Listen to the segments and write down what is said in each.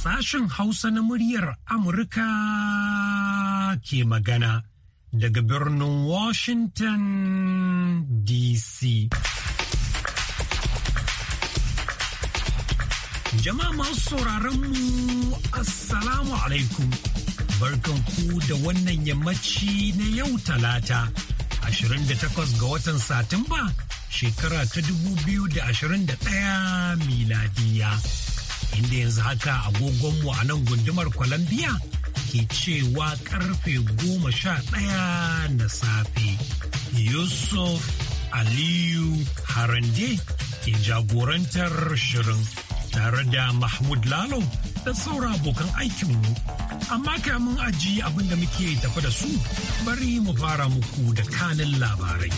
Sashen Hausa na muryar Amurka ke magana daga birnin Washington DC. Jama'a masu sauraron mu Assalamu alaikum. Barkanku da wannan yammaci na yau talata. 28 ga watan Satumba shekara ta 2021 miladiya. Inda yanzu haka agogonmu a nan gundumar Columbia ke cewa karfe 11 na safe. Yusuf Aliyu Harande ke jagorantar shirin tare da Mahmud Lalo da saura abokan aikinmu. Amma kamun aji abin da muke tafi da su bari mu fara muku da kanin labarai.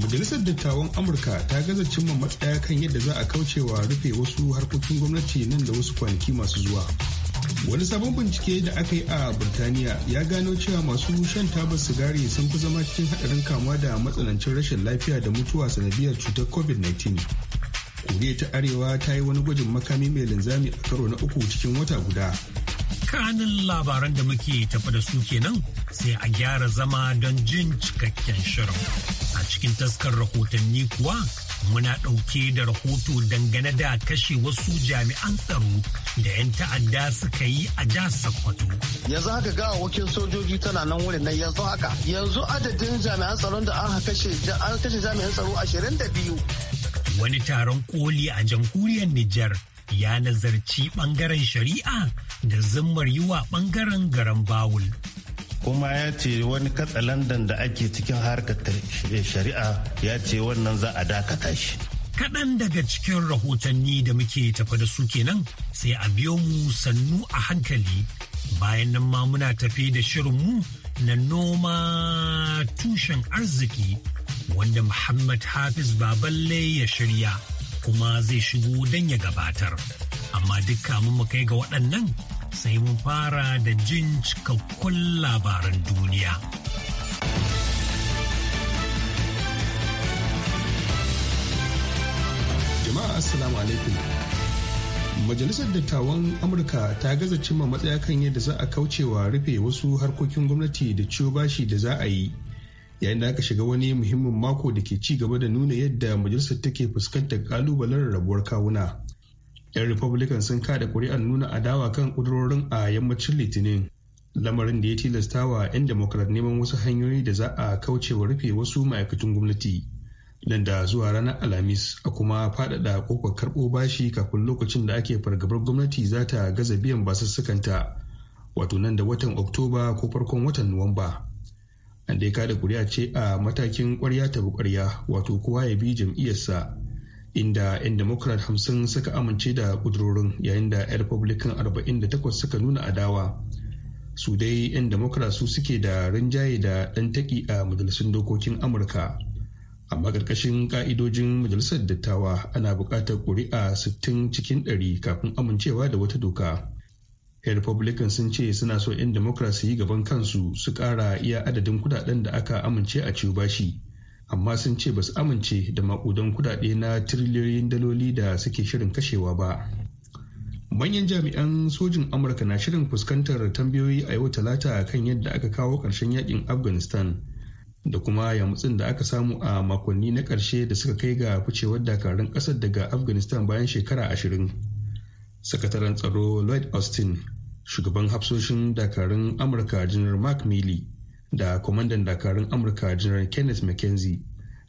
Majalisar Dattawan Amurka ta gaza cimma matsaya kan yadda za a kauce wa rufe wasu harkokin gwamnati nan da wasu kwanaki masu zuwa. Wani sabon bincike da aka yi a Burtaniya ya gano cewa masu shan tabar sigari sun fi zama cikin haɗarin kamuwa da matsanancin rashin lafiya da mutuwa sanadiyar cutar COVID-19. koriya ta arewa ta yi wani gwajin makami mai linzami a karo na uku cikin wata guda kanin labaran da muke tafa da su kenan sai a gyara zama don jin cikakken shirin a cikin taskar rahotanni kuwa muna ɗauke da rahoto dangane da kashe wasu jami'an tsaro da 'yan ta'adda suka yi a jihar Sokoto. Yanzu haka ga wakil sojoji tana nan wurin nan yanzu haka. Yanzu adadin jami'an tsaron da an kashe jami'an tsaro ashirin da biyu. wani taron koli a jamhuriyar Nijar ya nazarci bangaren shari'a da zimmar yiwa bangaren garan bawul. kuma ya ce wani Landan da ake cikin harkar shari'a ya ce wannan za a dakata shi. Kaɗan daga cikin rahotanni da muke tafa da su kenan sai a biyo mu sannu a hankali bayan nan ma muna tafi da shirinmu na noma tushen arziki wanda Muhammad Hafiz Baballe ya shirya kuma zai shigo don ya gabatar. Amma dukka mu kai ga waɗannan sai mun fara da jin cikakkun labaran duniya. Jama'a Assalamu alaikum. majalisar dattawan amurka ta gaza cimma matsaya kan yadda za a kaucewa rufe wasu harkokin gwamnati da ciwo bashi da za a yi yayin da aka shiga wani muhimmin mako da ke ci gaba da nuna yadda majalisar take fuskantar kalubalen rabuwar kawuna yan republican sun kada kuri'ar nuna adawa kan kudurorin a yammacin litinin lamarin da ya tilastawa 'yan democrat neman wasu hanyoyi da za a kaucewa rufe wasu ma'aikatan gwamnati nan da zuwa ranar alhamis a kuma faɗaɗa kofar karɓo bashi kafin lokacin da ake fargabar gwamnati za ta gaza biyan basussukanta wato nan da watan oktoba ko farkon watan nuwamba an dai kada kuri'a ce a matakin kwarya ta ƙwarya wato kowa ya bi jam'iyyarsa inda 'yan democrat hamsin suka amince da kudurorin yayin da 'yan republican 48 suka nuna adawa su dai 'yan democrat su suke da rinjaye da ɗan taki a majalisun dokokin amurka amma ƙarƙashin ƙa'idojin majalisar dattawa ana buƙatar ƙuri'a 60 cikin 100 kafin amincewa da wata doka. 'yan republican sun ce suna so 'yan democrat yi gaban kansu su ƙara iya adadin kudaden da aka amince a ciwo bashi amma sun ce ba su amince da maƙudan kudade na tiriliyoyin daloli da suke shirin kashewa ba manyan jami'an sojin amurka na shirin fuskantar tambayoyi a yau talata kan yadda aka kawo ƙarshen yakin afghanistan da kuma yamutsin da aka samu a makonni na ƙarshe da suka kai ga ficewar dakarun ƙasar daga afghanistan bayan shekara ashirin sakataren tsaro lloyd austin shugaban hafsoshin dakarun amurka janar mark milley da kwamandan dakarun amurka janar kenneth mckenzie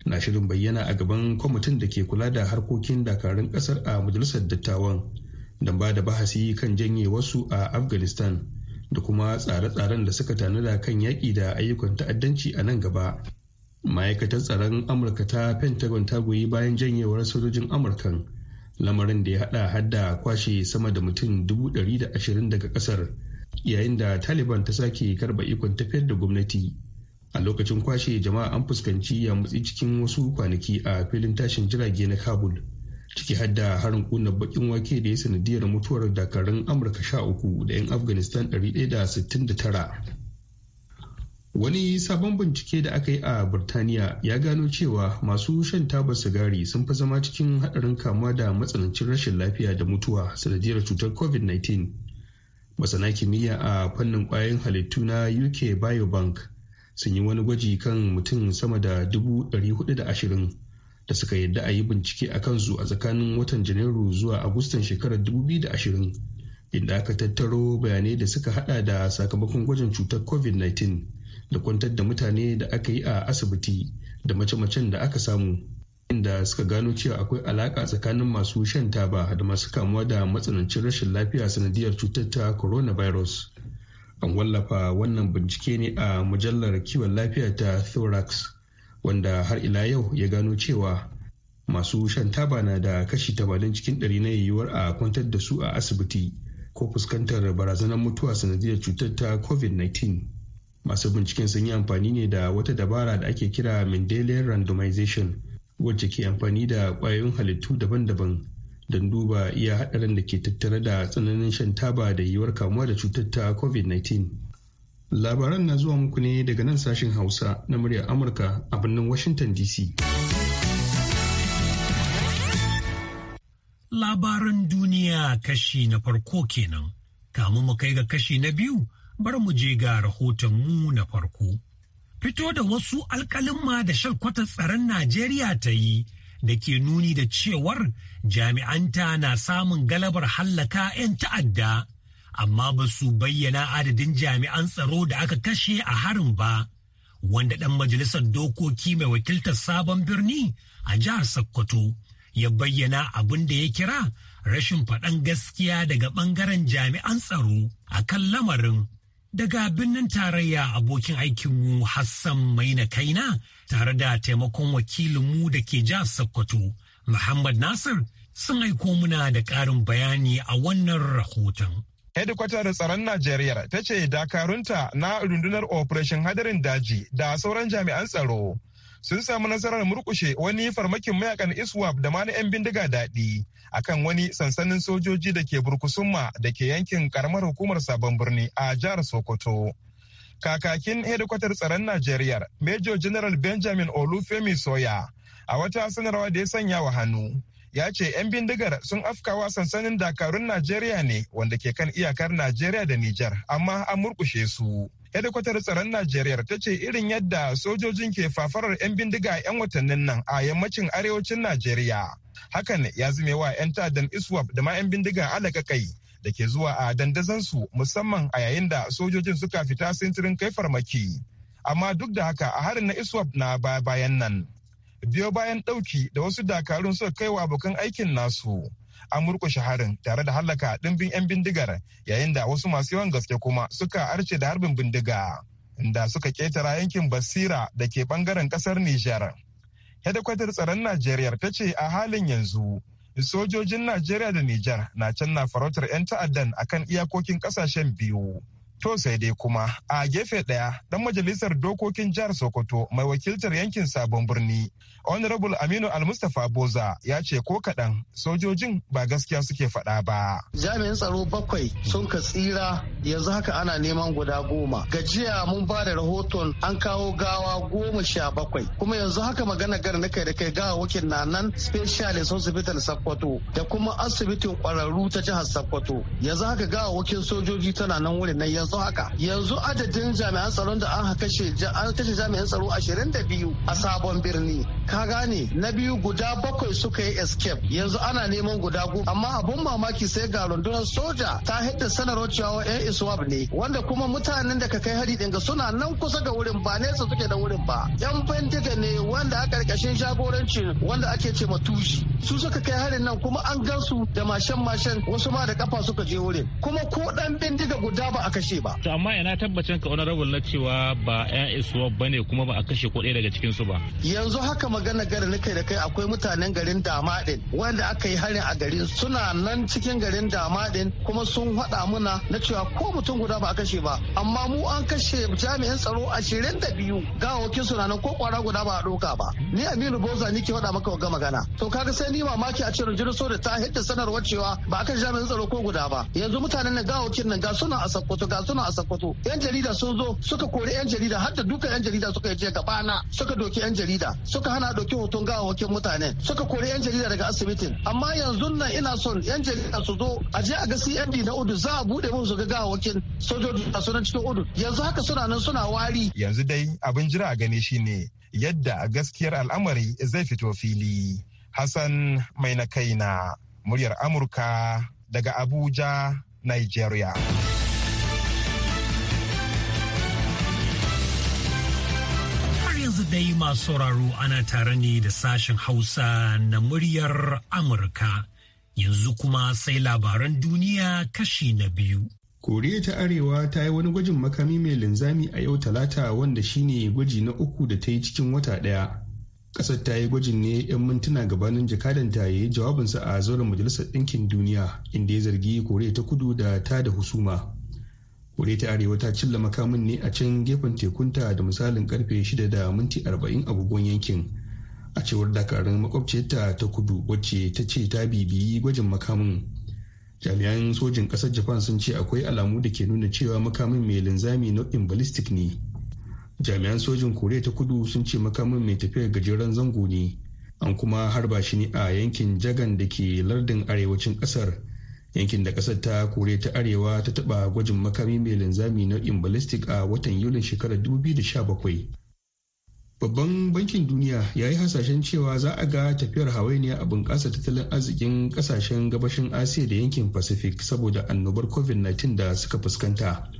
na shirin bayyana a gaban kwamitin da ke kula da harkokin dakarun ƙasar a majalisar dattawan don ba da bahasi kan janye wasu a afghanistan da kuma tsare-tsaren da suka tanada kan yaƙi da ayyukan ta'addanci a nan gaba ma'aikatar tsaron amurka ta pentagon ta goyi bayan janyewar sojojin amurkan lamarin da ya haɗa hadda kwashe sama da mutum 120 daga ƙasar, yayin da taliban ta sake karba ikon tafiyar da gwamnati a lokacin kwashe jama'a an fuskanci mutsi cikin wasu kwanaki a filin tashin jirage na kabul ciki har da harin kuna bakin wake da ya sanadiyar mutuwar dakarun amurka sha uku da 'yan afghanistan 169 wani sabon bincike da aka yi a birtaniya ya gano cewa masu shan tabar sigari sun fi zama cikin haɗarin kamuwa da matsanancin rashin lafiya da mutuwa sanadiyar cutar covid-19 masana kimiyya a fannin kwayoyin halittu na uk biobank sun yi wani gwaji kan mutum sama da 420 da suka yadda a yi bincike a kansu a tsakanin watan janairu zuwa agustan shekarar 2020 inda aka tattaro bayanai da suka hada da sakamakon gwajin cutar covid-19 da kwantar da mutane da aka yi a asibiti da mace-macen da aka samu inda suka gano cewa akwai alaka tsakanin masu shan taba da masu kamuwa da matsanancin rashin lafiya sanadiyar cutar ta coronavirus an wallafa wannan bincike ne a mujallar kiwon lafiya ta thorax wanda har ila yau ya gano cewa masu shan taba na da kashi 80 cikin ɗari na yiwuwar a kwantar da su a asibiti ko fuskantar barazanar mutuwa sanadiyar cutar ta covid-19 masu binciken sun yi amfani ne da wata dabara da ake kira mendelian randomization wacce ke amfani da kwayoyin halittu daban-daban don duba iya haɗarin da ke tattare da tsananin shan taba da yiwuwar kamuwa da cutar ta covid-19 Labaran na zuwa muku ne daga nan sashen Hausa na muryar Amurka a birnin Washington DC. Labaran duniya kashi na farko kenan. Kamu mu kai ga kashi na biyu bar mu je ga mu na farko. Fito da wasu alkalinma da shalkwatar tsaron Najeriya ta yi da ke nuni da cewar jami'anta na samun galabar hallaka 'yan ta'adda amma ba su bayyana adadin jami'an tsaro da aka kashe a harin ba wanda ɗan majalisar dokoki mai wakiltar sabon birni a jihar sokoto ya bayyana abin da ya kira rashin faɗan gaskiya daga ɓangaren jami'an tsaro a kan lamarin daga birnin tarayya abokin aikinmu hassan mai maina kaina tare da taimakon wakilinmu da ke jihar sokoto muhammad nasir sun aiko muna da ƙarin bayani a wannan rahoton. hedikwatar tsaron najeriya ta ce dakarunta na rundunar operation hadarin daji da sauran jami'an tsaro sun samu nasarar murkushe wani farmakin mayakan iswap da ma 'yan bindiga daɗi akan wani sansanin sojoji da ke burkusumma da ke yankin karamar hukumar sabon birni a jihar sokoto kakakin hedikwatar tsaron najeriya major general benjamin olufemi soya a wata sanarwa da ya sanya wa hannu ya ce 'yan bindigar sun afkawa sansanin dakarun Najeriya ne wanda ke kan iyakar Najeriya da Nijar, amma an murkushe su. hedikwatar tsaron Najeriya ta ce irin yadda sojojin ke fafarar 'yan bindiga 'yan watannin nan a yammacin arewacin Najeriya. Hakan ya zame wa 'yan ta'addan ISWAP da ma 'yan bindiga alakakai da ke zuwa a dandazansu musamman a yayin da sojojin suka fita sintirin kai farmaki. Amma duk da haka a harin na ISWAP na bayan nan biyo bayan ɗauki da wasu dakarun suka kai wa abokan aikin nasu an murkushe harin tare da hallaka ɗimbin 'yan bindigar yayin da wasu masu yawan gaske kuma suka arce da harbin bindiga da suka ketara yankin basira da ke ɓangaren ƙasar nijar hedikwatar tsaron najeriya ta ce a halin yanzu sojojin najeriya da nijar na can na farautar 'yan ta'addan akan iyakokin ƙasashen biyu To sai dai kuma a gefe ɗaya ɗan majalisar dokokin jihar Sokoto mai wakiltar yankin Sabon Birni, Honorable Aminu Almustapha Boza ya ce ko kaɗan sojojin ba gaskiya suke faɗa ba. Jami'in tsaro bakwai sun ka tsira yanzu haka ana neman guda goma. Gajiya mun ba da rahoton an kawo gawa goma sha bakwai. Kuma yanzu haka magana gar na kai da kai gawa wakil na nan special hospital Sokoto da kuma asibitin kwararru ta jihar Sokoto. Yanzu haka gawa wakil sojoji tana nan wurin nan su haka yanzu adadin jami'an tsaron da an kashe an kashe jami'an tsaro 22 a sabon birni ka gane na biyu guda bakwai suka yi escape yanzu ana neman guda goma amma abun mamaki sai ga rundunar soja ta hidda sanarwar cewa yan iswab ne wanda kuma mutanen da ka kai hari din ga suna nan kusa ga wurin ba nesa suke da wurin ba yan bindiga ne wanda a karkashin jagorancin wanda ake ce ma tushi su suka kai harin nan kuma an gansu da mashen mashen wasu ma da kafa suka je wurin kuma ko dan bindiga guda ba a kashe ba to amma ina tabbacin ka honorable na cewa ba ƴan isuwa bane kuma ba a kashe kuɗi daga cikin su ba yanzu haka magana gare kai da kai akwai mutanen garin Damadin wanda aka yi harin a garin suna nan cikin garin Damadin kuma sun faɗa muna na cewa ko mutum guda ba a kashe ba amma mu an kashe jami'in tsaro 22 gawakin suna nan ko kwara guda ba a ɗauka ba ni Aminu Boza ke faɗa maka ga magana to kaga sai ni mamaki a ce rundunar da ta hidda sanarwa cewa ba a kashe jami'in tsaro ko guda ba yanzu mutanen nan gawakin nan ga suna a sakkwato ga suna a sakkwato yan jarida sun zo suka kori yan jarida har da duka yan jarida suka je na suka doki yan jarida suka hana doki hoton gawawakin mutane suka kori yan jarida daga asibitin amma yanzu nan ina son yan jarida su zo a je a ga CND na Udu za a bude musu ga gawawakin sojoji a sunan cikin Udu yanzu haka suna nan suna wari yanzu dai abin jira a gani shine yadda gaskiyar al'amari zai fito fili Hassan mai na kaina muryar Amurka daga Abuja, Nigeria. dai masu sauraro ana tare ne da sashen Hausa na muryar Amurka. Yanzu kuma sai labaran duniya kashi na biyu. Koriya ta Arewa ta yi wani gwajin makami mai linzami a yau talata wanda shine gwaji na uku da ta yi cikin wata ɗaya. Ƙasar ta yi gwajin ne 'yan mintuna gabanin jakadan ta yi jawabinsa a zauren Majalisar Ɗinkin Duniya inda ya zargi Koriya ta Kudu da ta da husuma. koriya ta arewa ta cilla makamin ne a can gefen tekunta da misalin karfe 6 da minti 40 agogon yankin a cewar dakarun makwabciyarta ta kudu wacce ta ce ta bibiyi gwajin makamin jami'an sojin kasar japan sun ce akwai alamu da ke nuna cewa makamin mai linzami nau'in ballistic ne jami'an sojin kore ta kudu sun ce makamin mai tafiya gajeren zango ne an kuma harba shi ne a yankin jagan da ke lardin arewacin kasar yankin da kasar ta kore ta arewa ta taba gwajin makami mai linzami nau'in ballistic a watan yulin shekarar 2017 babban bankin duniya ya yi hasashen cewa za a ga tafiyar hawainiya a bunƙasa tattalin arzikin ƙasashen gabashin asiya da yankin pacific saboda annobar covid-19 da suka fuskanta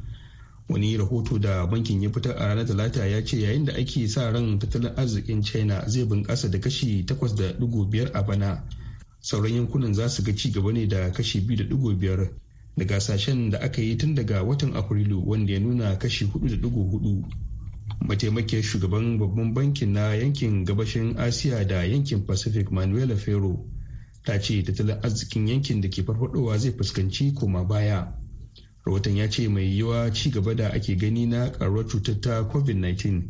wani rahoto da bankin ya fitar a ranar talata ya ce yayin da ake sa ran tattalin arzikin china zai bunƙasa da kashi 8.5 a bana sauran yankunan za su ga ci gaba ne da kashi 2.5 daga sashen da aka yi tun daga watan afrilu wanda ya nuna kashi 4.4 mataimakiyar shugaban babban bankin na yankin gabashin asiya da yankin pacific manuela Fero, ta ce tattalin arzikin yankin da ke farfadowa zai fuskanci koma baya rahoton ya ce mai yiwa ci gaba da ake gani na karuwar cutar ta covid-19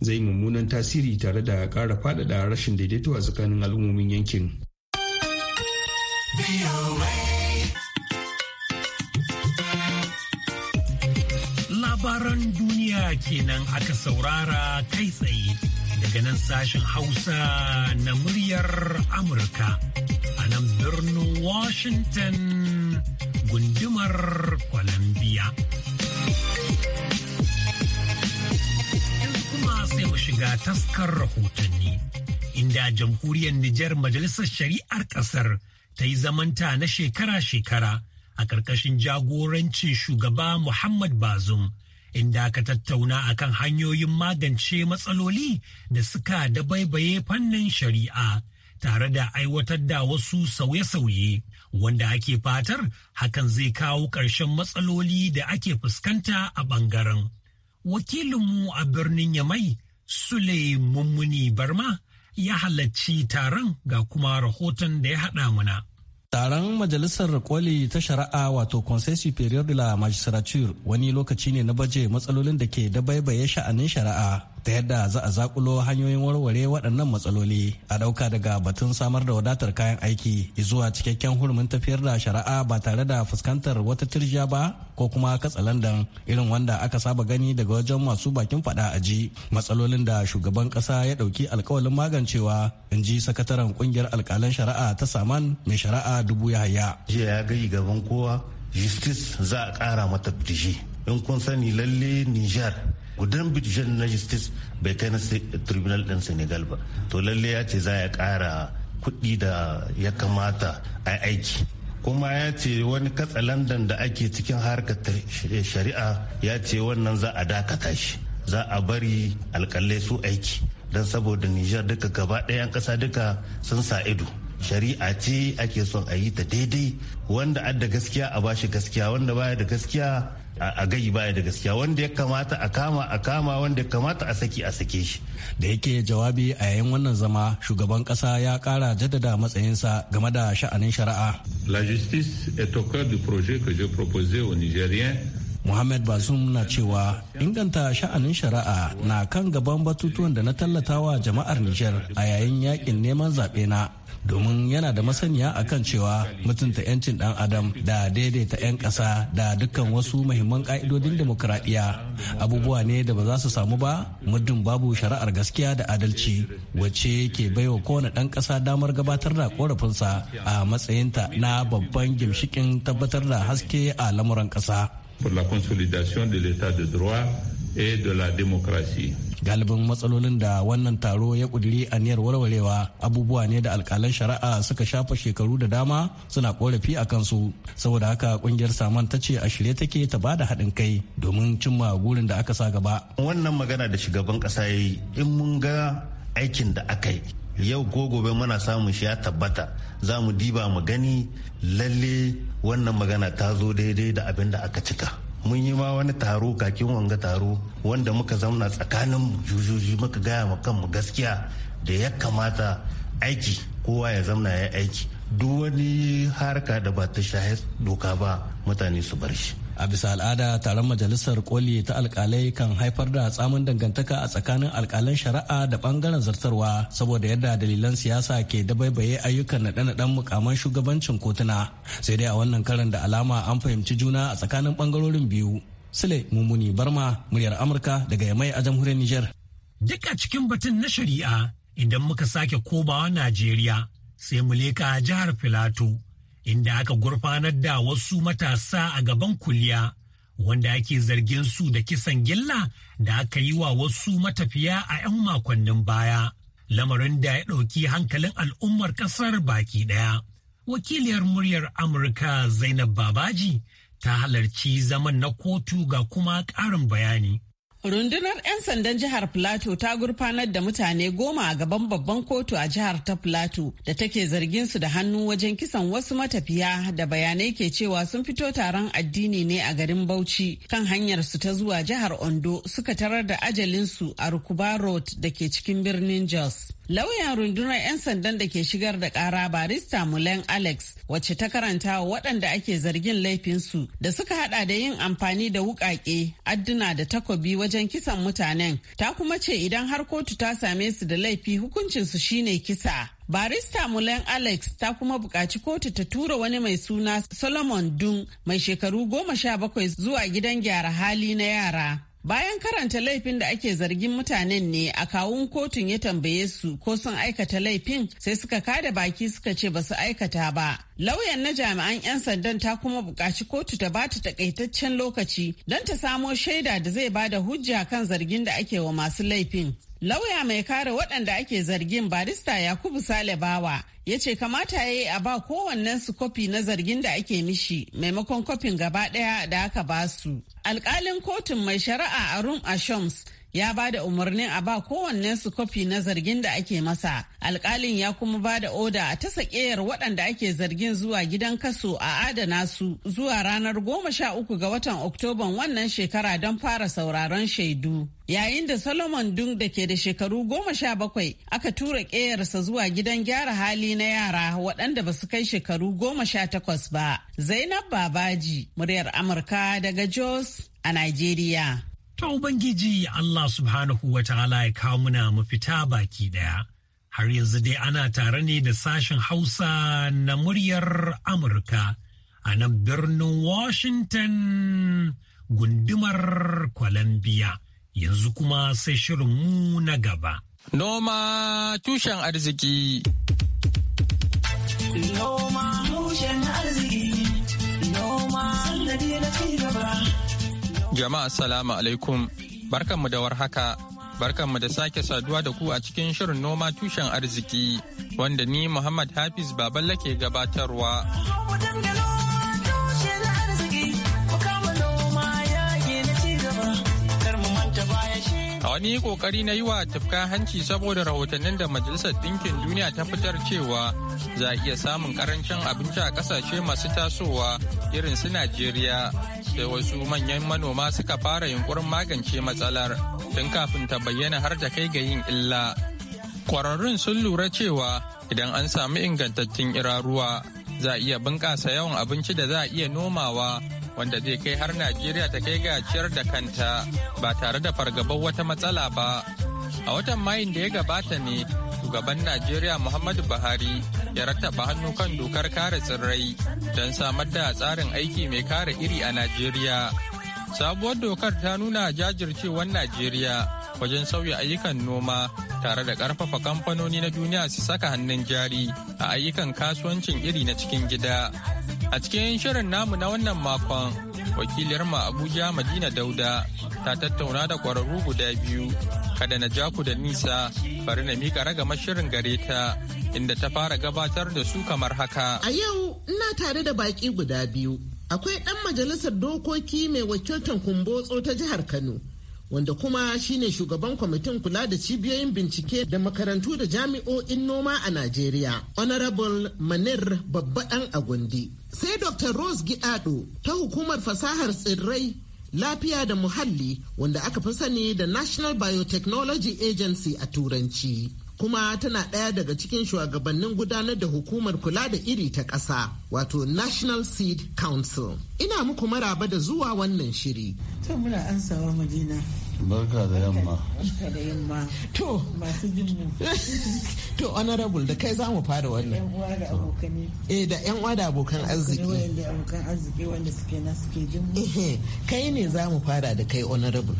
zai mummunan tasiri tare da ƙara faɗaɗa rashin daidaito a tsakanin al'ummomin yankin Labaran duniya kenan aka saurara kai tsaye daga nan sashen Hausa na muryar Amurka a nan birnin Washington gundumar Columbia. sai mu shiga taskar rahotanni inda jamhuriyar Nijar Majalisar Shari'ar Ƙasar ta yi zamanta na shekara-shekara a ƙarƙashin jagorancin shugaba Muhammad Bazum, inda aka tattauna akan hanyoyin magance matsaloli da suka dabaibaye fannin shari'a tare da aiwatar da wasu sauye-sauye wanda ake fatar hakan zai kawo ƙarshen matsaloli da ake fuskanta a ɓangaren. Wakilinmu a birnin Yamai, Sule Mummuni Barma, ya halarci taron ga kuma rahoton da ya haɗa muna. Taron Majalisar Koli ta Shari'a wato Conseil Superior de la Magistrature wani lokaci ne na baje matsalolin da ke dabaibaye sha'anin shari'a ta yadda za a zakulo hanyoyin warware waɗannan matsaloli a ɗauka daga batun samar da wadatar kayan aiki zuwa cikakken hurumin tafiyar da shari'a ba tare da fuskantar wata tirja ba ko kuma katsalandan irin wanda aka saba gani daga wajen masu bakin faɗa a ji matsalolin da shugaban ƙasa ya ɗauki alkawalin magancewa in ji sakataren ƙungiyar alƙalan shari'a ta saman mai shari'a dubu yahaya. jiya ya gayi gaban kowa justice za a ƙara mata in kun sani lalle nijar. gudan bidijan na justice bai kai na tribunal din senegal ba to lalle ya ce za ya kara kuɗi da ya kamata a aiki kuma ya ce wani katsalandan da ake cikin harkar shari'a ya ce wannan za a dakata shi za a bari alkalai su aiki don saboda nijar duka gaba ɗaya ƙasa duka sun sa ido shari'a ce ake son a yi ta daidai wanda adda gaskiya a bashi gaskiya wanda baya da gaskiya a gayi baya da gaskiya wanda ya kamata a kama a kama wanda ya kamata a saki a sake shi da yake jawabi a yayin wannan zama shugaban kasa ya kara jaddada matsayinsa game da sha'anin shari'a la justice est au cœur du projet que je proposais au Nigerien. Muhammad Bazoum na cewa inganta sha'anin shari'a na kan gaban batutuwan da na tallatawa jama'ar Nijar a yayin yakin neman zaɓe na domin yana da masaniya a kan cewa mutunta 'yancin dan adam da daidaita 'yan ƙasa da dukkan wasu mahimman ƙa'idodin demokuraɗiyya abubuwa ne da ba za su samu ba muddin babu shari'ar gaskiya da adalci wacce ke baiwa kowane ɗan ƙasa damar gabatar da korafinsa a matsayinta na babban gimshikin tabbatar da haske a lamuran ƙasa. Pour la consolidation de l'état de droit et de la démocratie. galibin matsalolin da wannan taro ya a aniyar warwarewa abubuwa ne da alkalan shari'a suka shafa shekaru da dama suna korafi a kansu saboda haka ƙungiyar saman ta ce a shirye take ta bada haɗin kai domin cimma gurin da aka sa gaba wannan magana da shugaban ƙasa ya yi in mun ga aikin da aka yi yau ko gobe muna samun shi ya tabbata za mu diba mu gani lalle wannan magana ta zo daidai da abin da aka cika mun yi ma wani taro kakin wanga taro wanda muka zauna tsakanin jujuji muka gaya ma kanmu gaskiya da ya kamata aiki kowa ya zamna ya aiki duk wani harka da ba ta shahe doka ba mutane su bar shi a bisa al'ada taron majalisar koli ta alkalai kan haifar da tsamin dangantaka a tsakanin alkalan shari'a da bangaren zartarwa saboda yadda dalilan siyasa ke da dabaibaye ayyukan naɗe-naɗen mukaman shugabancin kotuna sai dai a wannan karan da alama an fahimci juna a tsakanin bangarorin biyu sule mummuni barma muryar amurka daga yamai a jamhuriyar niger duk a cikin batun na shari'a idan muka sake kobawa najeriya sai mu leka jihar filato inda aka gurfanar da wasu matasa a gaban kuliya wanda ake zargin su da kisan gilla da aka yi wa wasu matafiya a 'yan makonnin baya lamarin da ya ɗauki hankalin al'ummar ƙasar baki ɗaya. Wakiliyar muryar Amurka Zainab Babaji ta halarci zaman na kotu ga kuma ƙarin bayani. Rundunar 'yan sandan jihar Plateau ta gurfanar da mutane goma a gaban babban kotu a jihar ta Plateau da take zargin su da hannu wajen kisan wasu matafiya da bayanai ke cewa sun fito taron addini ne a garin Bauchi kan hanyar su ta zuwa jihar Ondo suka tarar da ajalinsu a Rukuba Road da ke cikin birnin Jos. Lauyan rundunar 'yan sandan da ke shigar da kara barista Mulen Alex wacce ta karanta wa waɗanda ake zargin laifinsu da suka hada da yin amfani da wukake, adduna da takobi wajen kisan mutanen. Ta kuma ce idan har kotu ta same su da laifi hukuncinsu shine kisa. Barista Mulen Alex ta kuma buƙaci kotu ta tura wani mai suna Solomon dun mai shekaru goma sha bakwai zuwa gidan gyara hali na yara. Bayan karanta laifin da ake zargin mutanen ne a kawun kotun ya tambaye su ko sun aikata laifin sai suka kada baki suka ce ba su aikata ba. Lauyan na jami'an 'yan sandan ta kuma bukaci kotu ta ba ta takaitaccen lokaci don ta samo shaida da zai ba da hujja kan zargin da ake wa masu laifin. Lauya mai kare waɗanda ake zargin barista Yakubu Sale Bawa ya ce kamata ya yi a ba su kofi na zargin da ake mishi maimakon kofin gaba ɗaya da aka ba su. Alƙalin kotun mai shari'a a a Ashoms ya ba da umarnin a ba kowanne su kwafi na zargin da ake masa alkalin ya kuma ba da oda a ta sakeyar waɗanda ake zargin zuwa gidan kaso a adana su zuwa ranar goma sha uku ga watan oktoban wannan shekara don fara sauraron shaidu yayin da solomon dung da ke da shekaru goma sha bakwai aka tura ƙeyarsa zuwa gidan gyara hali na yara waɗanda ba su kai shekaru goma sha takwas ba zainab babaji muryar amurka daga jos a nigeria Ta Ubangiji Allah subhanahu wa ta'ala ya kawo muna mafita baki ɗaya. Har yanzu dai ana tare ne da sashen Hausa na muryar Amurka a nan birnin Washington gundumar Columbia. Yanzu kuma sai shirinmu na gaba. Noma tushen arziki. Noma tushen arziki. Noma sannadi na ci gaba. Jama'a salamu alaikum. Barkanmu da warhaka. Barkanmu da sake saduwa da ku a cikin shirin noma tushen arziki wanda ni Muhammad Hafiz Baballa ke gabatarwa. A wani kokari na yi wa tafka hanci saboda rahotannin da Majalisar Dinkin Duniya ta fitar cewa za a iya samun karancin abinci a ƙasashe masu tasowa irin su Najeriya. sai wasu manyan manoma suka fara yunkurin magance matsalar tun kafin ta bayyana har da kai ga yin illa. Kwararrun sun lura cewa idan an samu ingantattun iraruwa za a iya bunƙasa yawan abinci da za a iya nomawa wanda zai kai har Najeriya ta kai ga ciyar da kanta ba tare da fargabar wata matsala ba. A watan Mayun da ya gabata ne, shugaban Najeriya Muhammadu Buhari ya rattaba hannu kan dokar kare tsirrai don samar da tsarin aiki mai kare iri a Najeriya. Sabuwar dokar ta nuna jajircewar Najeriya wajen sauya ayyukan noma tare da ƙarfafa kamfanoni na duniya su saka hannun jari a ayyukan kasuwancin iri na cikin gida. A cikin shirin namu na wannan makon wakiliyar ma abuja madina dauda ta tattauna da kwararru guda biyu kada na ja ku da nisa bari na mika raga mashirin gare ta inda ta fara gabatar da su kamar haka a yau ina tare da baƙi guda biyu akwai ɗan majalisar dokoki mai wakiltar kumbotso ta jihar kano wanda kuma shine shugaban kwamitin kula da cibiyoyin bincike da makarantu da jami'o'in noma a Najeriya. Honorable Manir Babba ɗan Agundi. sai dr rose giado ta hukumar fasahar tsirrai lafiya da muhalli wanda aka fi sani da national biotechnology agency a turanci kuma tana ɗaya daga cikin shugabannin gudanar da hukumar kula da iri ta ƙasa wato National Seed Council. Ina muku maraba da zuwa wannan shiri. To muna ansawa Madina. Barka da yamma. Barka da yamma. To. Masu jinmu. To honorable da kai zamu fara wannan. Yan uwa da abokane. Eh da yan uwa da abokan arziki. Wanda abokan arziki wanda suke na suke jinmu. Eh, eh, kai ne zamu fara da kai honorable.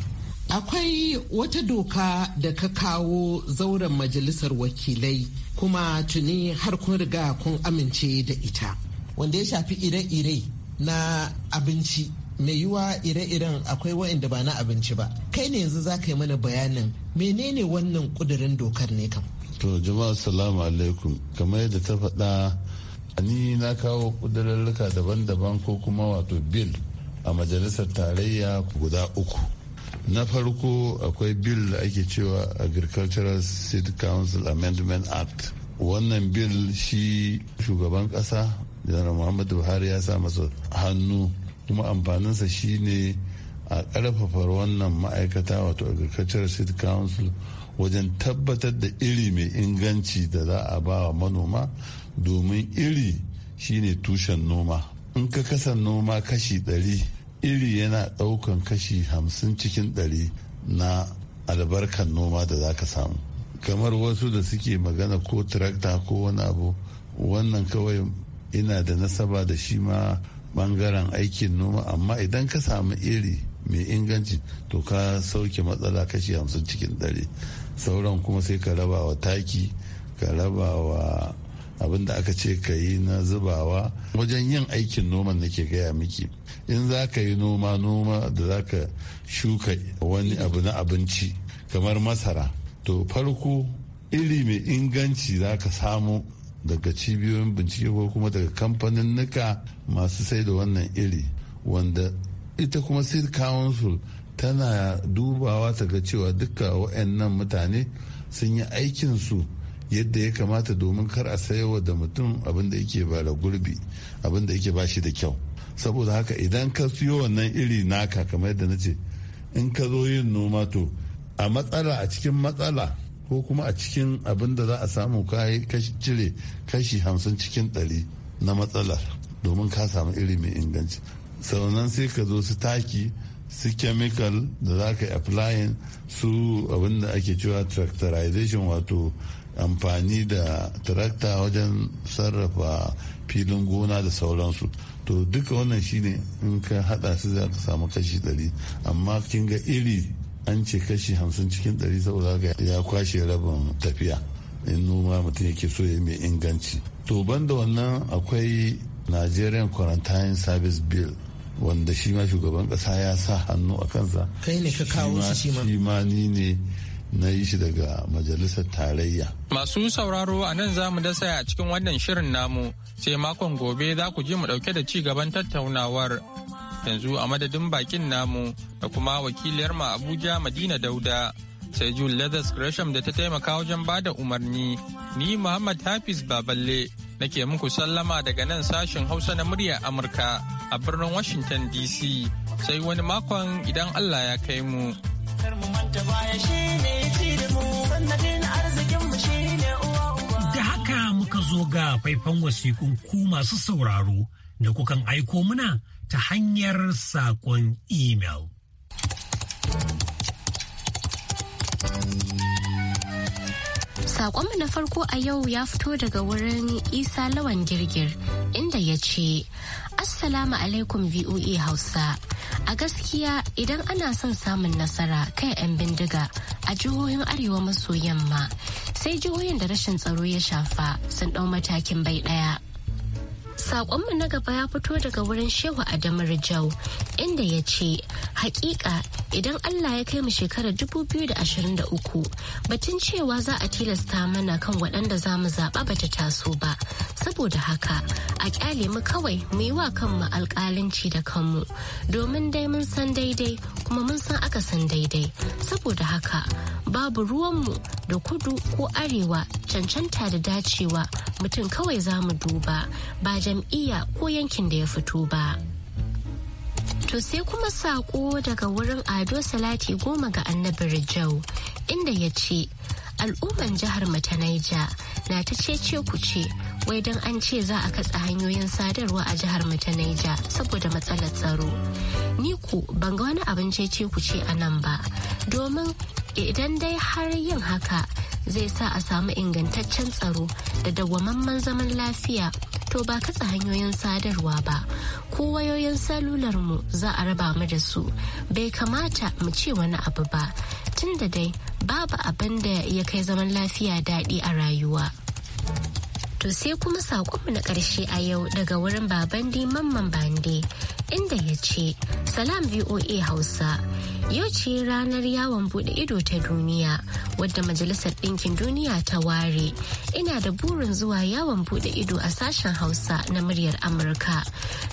akwai wata doka da ka kawo zauren majalisar wakilai kuma tuni har kun riga kun amince da ita wanda ya shafi ire-ire na abinci mai yiwa ire-iren akwai wa'inda ba na abinci ba kai ne yanzu za ka yi mana bayanin menene wannan kudurin dokar ne kam to jama'a salamu alaikum kamar yadda ta faɗa ni na kawo kudurin daban-daban ko kuma wato bil a majalisar tarayya guda uku na farko akwai bill da ake cewa agricultural seed council amendment act wannan bill shi shugaban kasa janar muhammadu buhari ya sa masa hannu kuma amfaninsa shi ne a karfafa wannan ma'aikata wato agricultural seed council wajen tabbatar da iri mai inganci da za a ba wa manoma domin iri shi ne tushen noma in ka kasa noma kashi ɗari iri yana ɗaukan kashi hamsin cikin ɗari na albarkan noma da za ka samu kamar wasu da suke magana ko tirakta ko wani abu wannan kawai ina da nasaba da shi ma bangaren aikin noma amma idan ka samu iri mai inganci to ka sauke matsala kashi hamsin cikin ɗari sauran kuma sai ka raba wa taki ka raba wa abin da aka ce ka yi na zubawa wajen yin aikin noman nake gaya miki in za ka yi noma noma da za ka shuka wani abu na abinci kamar masara to farko iri mai inganci za ka samu daga cibiyoyin bincike ko kuma daga kamfanin nika masu sai da wannan iri wanda ita kuma seed council tana dubawa ta ga cewa duka waɗannan mutane sun yi aikinsu yadda ya kamata domin kar a sayawa da mutum abin da yake ba da gurbi abin da yake ba shi da kyau saboda haka idan ka siyo wannan iri naka kamar yadda na ce in ka zo yin noma to a matsala a cikin matsala ko kuma a cikin abin da za a samu kashi cire kashi hamsin cikin ɗari na matsala domin ka samu iri mai inganci sannan sai ka zo su taki su chemical da za ka yi applying su abin da ake cewa tractorization wato amfani da tarakta wajen sarrafa filin gona da sauransu to duka wannan shine in ka hada su za ka samu kashi ɗari amma kin ga iri an ce kashi hamsin cikin ɗari saboda haka ya kwashe rabin tafiya in noma mutum yake so ya mai inganci to banda wannan akwai nigerian quarantine service bill wanda shi ma shugaban kasa ya sa hannu a kansa kai ne ka kawo shi shi ma ni ne na yi shi daga majalisar tarayya. Masu sauraro a nan za mu dasa a cikin wannan shirin namu sai makon gobe za ku ji mu ɗauke da ci gaban tattaunawar. Yanzu a madadin bakin namu da kuma wakiliyar mu Abuja Madina Dauda sai Jul Leathers Gresham da ta taimaka wajen ba da umarni. Ni Muhammad Hafiz Baballe nake muku sallama daga nan sashen Hausa na murya Amurka a birnin Washington DC sai wani makon idan Allah ya kai mu. Da haka muka zo ga faifan wasikun ku masu sauraro da kukan aiko muna ta hanyar saƙon imel. Sakonmu na farko a yau ya fito daga wurin Isa Lawan Girgir inda ya ce, Assalamu alaikum VOA Hausa. A gaskiya idan ana son samun nasara kan 'yan bindiga a jihohin arewa maso yamma sai jihohin da rashin tsaro ya shafa sun ɗau matakin bai ɗaya. Saƙonmu na gaba ya fito daga wurin Shehu Adamu Rijau inda ya ce, "Hakika idan Allah ya kai mu shekara dubu da ashirin da uku batun cewa za a tilasta mana kan waɗanda za mu zaɓa bata taso ba, saboda haka a kyale mu kawai mu yi wa kanmu alkalinci da kanmu domin dai mun san daidai kuma mun san aka san daidai saboda haka babu ruwanmu da kudu ko arewa cancanta da dacewa mutum kawai za mu duba ba jam'iyya ko yankin da ya fito ba. To sai kuma saƙo daga wurin Ado Salati goma ga annabi Rijau inda ya ce, al'umman jihar mu Naija na ta cece ku ce wai don an ce za a katsa hanyoyin sadarwa a jihar mu Naija saboda matsalar tsaro. Ni ku ban ga wani abin cece ku ce a nan ba domin idan dai har yin haka zai sa a samu ingantaccen tsaro da dawwamamman zaman lafiya to ba katsa hanyoyin sadarwa ba ko wayoyin salular mu za a raba mu da su bai kamata mu ce wani abu ba tun da dai babu abin da ya kai zaman lafiya daɗi a rayuwa. To sai kuma saƙonmu na ƙarshe a yau daga wurin Babandi Mamman Bande inda ya ce, Salam VOA Hausa, yau ce ranar yawon buɗe ido ta duniya wadda Majalisar Ɗinkin Duniya ta ware. Ina da burin zuwa yawon buɗe ido a sashen Hausa na muryar Amurka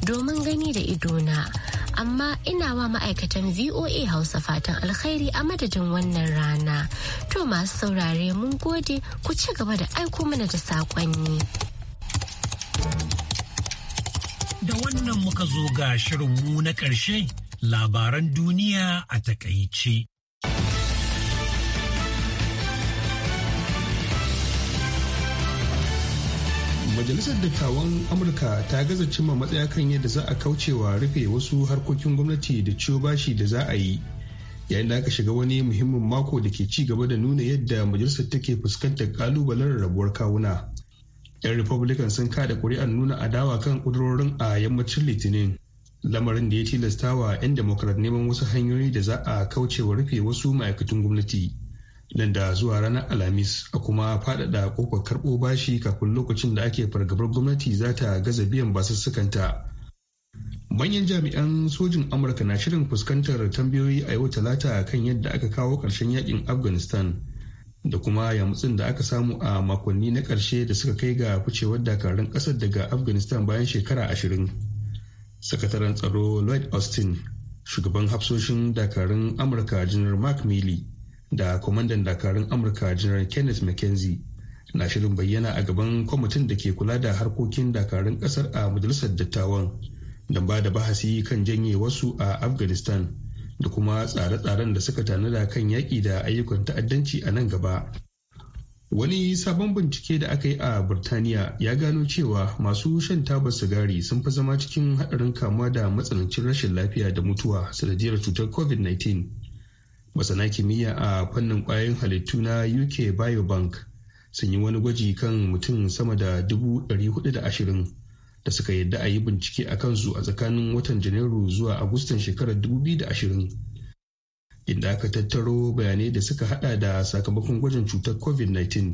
domin gani da idona. amma ina wa ma'aikatan VOA Hausa fatan alkhairi a madadin wannan rana. To masu saurare mun gode ku ci gaba da aiko mana da saƙonni. Da wannan muka zo ga shirinmu na ƙarshe labaran duniya a takaice. majalisar dattawan amurka ta gaza cimma matsaya kan yadda za a kaucewa rufe wasu harkokin gwamnati da ciwo bashi da za a yi yayin da aka shiga wani muhimmin mako da ke ci gaba da nuna yadda majalisar take fuskantar kalubalen rabuwar kawuna yan republican sun kada kuri'ar nuna adawa kan kudurorin a yammacin litinin lamarin da ya tilastawa 'yan democrat neman wasu hanyoyi da za a kaucewa rufe wasu ma'aikatan gwamnati nan da zuwa ranar alhamis a kuma faɗaɗa kofar karɓo bashi kafin lokacin da ake fargabar gwamnati za ta gaza biyan basussukanta manyan jami'an sojin amurka na shirin fuskantar tambayoyi a yau talata kan yadda aka kawo ƙarshen yakin afghanistan da kuma yamutsin da aka samu a makonni na ƙarshe da suka kai ga ficewar dakarun ƙasar daga afghanistan bayan shekara ashirin sakataren tsaro lloyd austin shugaban hafsoshin dakarun amurka janar mark milley da kwamandan dakarun amurka general kenneth mckenzie na shirin bayyana a gaban kwamitin da ke kula da harkokin dakarun kasar a majalisar dattawan don ba da bahasi kan janye wasu a afghanistan da kuma tsare-tsaren da suka tanada kan yaƙi da ayyukan ta'addanci a nan gaba wani sabon bincike da aka yi a Birtaniya ya gano cewa masu shan taba sigari sun fi zama cikin haɗarin kamuwa da matsanancin rashin lafiya da mutuwa sanadiyar cutar covid-19 masana kimiyya a fannin kwayoyin halittu na uk biobank sun yi wani gwaji kan mutum sama da 420 da suka yadda a yi bincike a kansu a tsakanin watan janairu zuwa agustan shekarar 2020 inda aka tattaro bayanai da suka hada da sakamakon gwajin cutar covid-19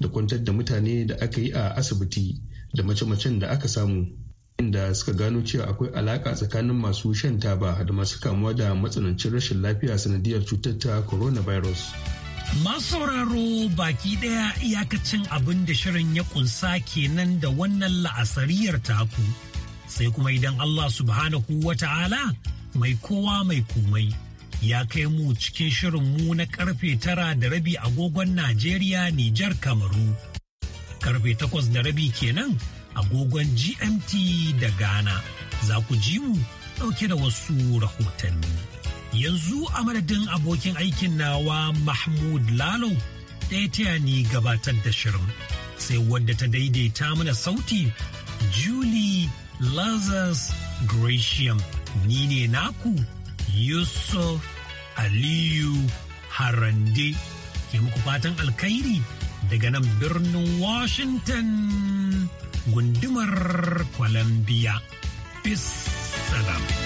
da kwantar da mutane da aka yi a asibiti da mace-macen da aka samu inda suka gano cewa akwai alaka tsakanin masu shan taba da masu kamuwa da matsanancin rashin lafiya sanadiyar cutar ta coronavirus. Masu sauraro baki ɗaya iyakacin abin da shirin ya kunsa kenan da wannan la'asariyar taku. Sai kuma idan Allah subhanahu wa ta'ala mai kowa mai komai ya kai mu cikin shirin mu na karfe tara da rabi agogon Najeriya Nijar Kamaru. Karfe takwas da rabi kenan agogon GMT da Ghana. Za ku ji mu ɗauke da wasu rahotanni. Yanzu a madadin abokin aikin nawa Mahmud Lalo ɗaya taya ni gabatar da shirin. Sai wadda ta daidaita mana sauti Julie Lazarus Gratiam. Ni ne naku Yusuf Aliyu Harande. Ke muku fatan alkhairi daga nan birnin Washington. gundumar Columbia. Peace. Salam.